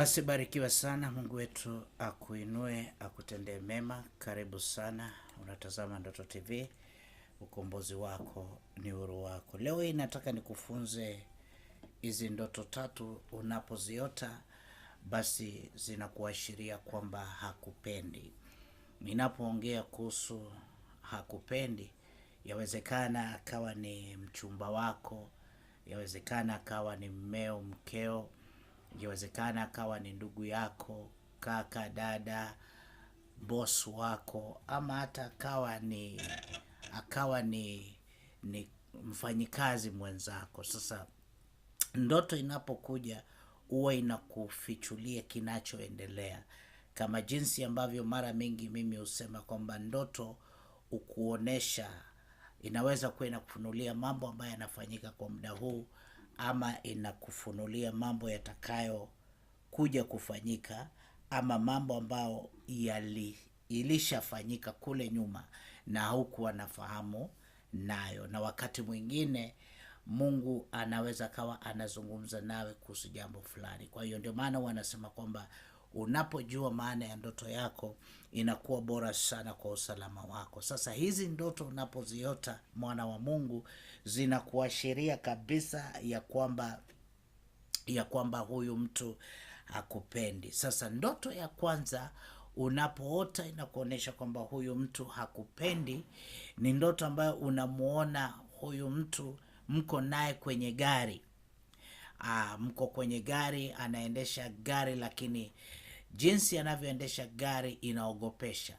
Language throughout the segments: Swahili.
Basi barikiwa sana, Mungu wetu akuinue, akutendee mema. Karibu sana, unatazama Ndoto TV, ukombozi wako ni uhuru wako. Leo hii nataka nikufunze hizi ndoto tatu, unapoziota basi zinakuashiria kwamba hakupendi. Ninapoongea kuhusu hakupendi, yawezekana akawa ni mchumba wako, yawezekana akawa ni mmeo, mkeo Ingewezekana akawa ni ndugu yako, kaka, dada, boss wako, ama hata akawa ni akawa ni, ni mfanyikazi mwenzako. Sasa ndoto inapokuja huwa inakufichulia kinachoendelea, kama jinsi ambavyo mara mingi mimi husema kwamba ndoto ukuonesha, inaweza kuwa inakufunulia mambo ambayo yanafanyika kwa muda huu ama inakufunulia mambo yatakayo kuja kufanyika ama mambo ambayo yali ilishafanyika kule nyuma na haukuwa nafahamu nayo. Na wakati mwingine Mungu anaweza kawa anazungumza nawe kuhusu jambo fulani. Kwa hiyo ndio maana wanasema kwamba Unapojua maana ya ndoto yako inakuwa bora sana kwa usalama wako. Sasa hizi ndoto unapoziota, mwana wa Mungu, zinakuashiria kabisa ya kwamba ya kwamba huyu mtu hakupendi. Sasa ndoto ya kwanza unapoota inakuonyesha kwamba huyu mtu hakupendi, ni ndoto ambayo unamwona huyu mtu, mko naye kwenye gari aa, ah, mko kwenye gari, anaendesha gari, lakini jinsi anavyoendesha gari inaogopesha,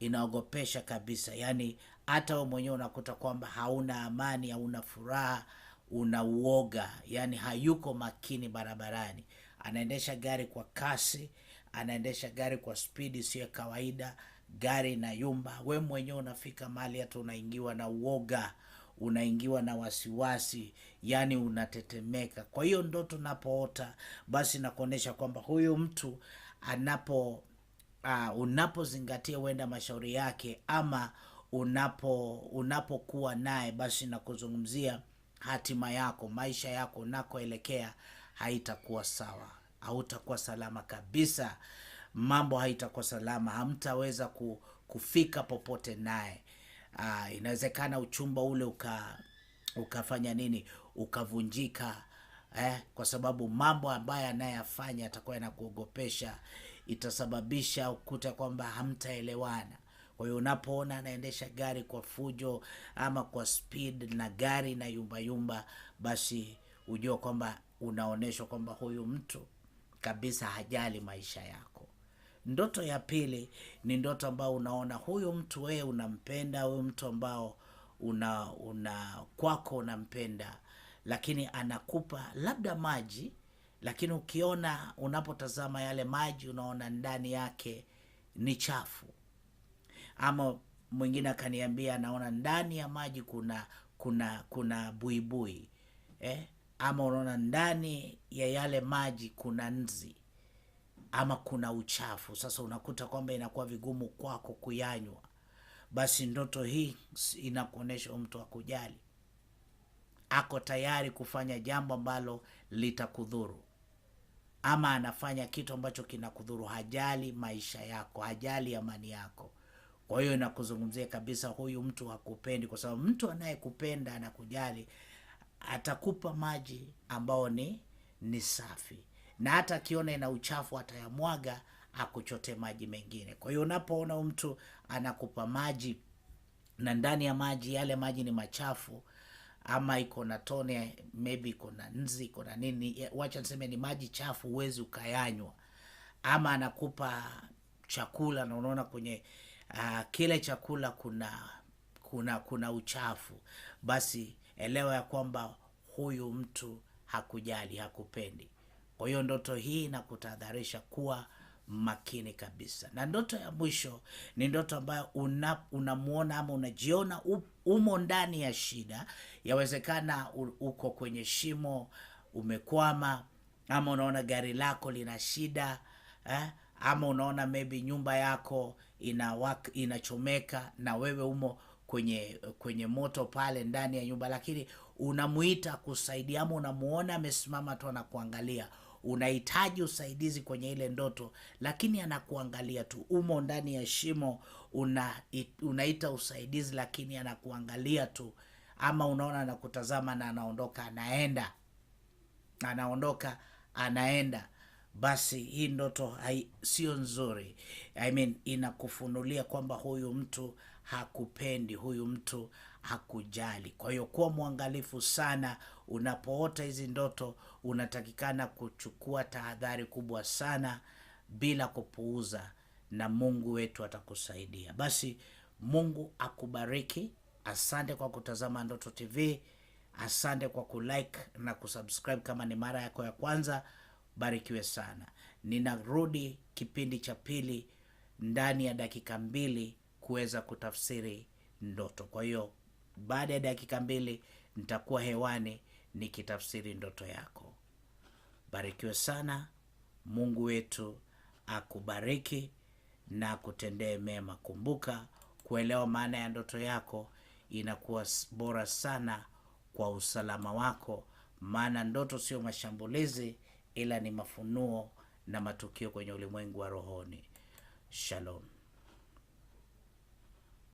inaogopesha kabisa. Yani hata wewe mwenyewe unakuta kwamba hauna amani, hauna furaha, una uoga, yani hayuko makini barabarani, anaendesha gari kwa kasi, anaendesha gari kwa spidi isiyo kawaida, gari na yumba we mwenyewe unafika mali hata unaingiwa na uoga unaingiwa na wasiwasi, yani unatetemeka. Kwa hiyo ndo tunapoota basi nakuonyesha kwamba huyu mtu anapo uh, unapozingatia huenda mashauri yake ama unapo unapokuwa naye basi nakuzungumzia hatima yako, maisha yako, unakoelekea haitakuwa sawa, hautakuwa salama kabisa, mambo haitakuwa salama, hamtaweza kufika popote naye aa, ah, inawezekana uchumba ule uka ukafanya nini ukavunjika, eh, kwa sababu mambo ambayo anayafanya atakuwa yanakuogopesha, itasababisha ukuta kwamba hamtaelewana. Kwa hiyo unapoona anaendesha gari kwa fujo ama kwa speed na gari na yumba yumba, basi ujua kwamba unaonyeshwa kwamba huyu mtu kabisa hajali maisha yako. Ndoto ya pili ni ndoto ambao unaona huyu mtu wewe unampenda, huyu mtu ambao una, una kwako unampenda, lakini anakupa labda maji, lakini ukiona unapotazama yale maji unaona ndani yake ni chafu. Ama mwingine akaniambia anaona ndani ya maji kuna kuna kuna buibui eh? Ama unaona ndani ya yale maji kuna nzi ama kuna uchafu. Sasa unakuta kwamba inakuwa vigumu kwako kuyanywa, basi ndoto hii inakuonyesha mtu akujali, ako tayari kufanya jambo ambalo litakudhuru, ama anafanya kitu ambacho kinakudhuru, hajali maisha yako, hajali amani yako. Kwa hiyo nakuzungumzia kabisa, huyu mtu hakupendi, kwa sababu mtu anayekupenda anakujali, atakupa maji ambao ni ni safi na hata akiona ina uchafu atayamwaga akuchote maji mengine. Kwa hiyo unapoona mtu anakupa maji na ndani ya maji yale maji ni machafu ama iko na tone maybe iko na nzi iko na nini, wacha niseme ni maji chafu, huwezi ukayanywa. Ama anakupa chakula na unaona kwenye uh, kile chakula kuna kuna kuna uchafu, basi elewa ya kwamba huyu mtu hakujali, hakupendi. Kwa hiyo ndoto hii inakutahadharisha kuwa makini kabisa. Na ndoto ya mwisho ni ndoto ambayo unamwona una ama unajiona umo ndani ya shida. Yawezekana uko kwenye shimo, umekwama, ama unaona gari lako lina shida eh? Ama unaona maybe nyumba yako inawak, inachomeka na wewe umo kwenye kwenye moto pale ndani ya nyumba, lakini unamuita kusaidia ama unamuona amesimama tu anakuangalia unahitaji usaidizi kwenye ile ndoto, lakini anakuangalia tu. Umo ndani ya shimo, una, unaita usaidizi, lakini anakuangalia tu, ama unaona anakutazama na anaondoka, anaenda, anaondoka, anaenda. Basi hii ndoto sio nzuri. I mean, inakufunulia kwamba huyu mtu hakupendi, huyu mtu hakujali. Kwa hiyo kuwa mwangalifu sana unapoota hizi ndoto, unatakikana kuchukua tahadhari kubwa sana bila kupuuza, na Mungu wetu atakusaidia. Basi Mungu akubariki. Asante kwa kutazama Ndoto TV, asante kwa kulike na kusubscribe kama ni mara yako ya kwanza. Barikiwe sana. Ninarudi kipindi cha pili ndani ya dakika mbili kuweza kutafsiri ndoto, kwa hiyo baada ya dakika mbili nitakuwa hewani nikitafsiri ndoto yako. Barikiwe sana. Mungu wetu akubariki na kutendee mema. Kumbuka kuelewa maana ya ndoto yako inakuwa bora sana kwa usalama wako, maana ndoto sio mashambulizi, ila ni mafunuo na matukio kwenye ulimwengu wa rohoni. Shalom.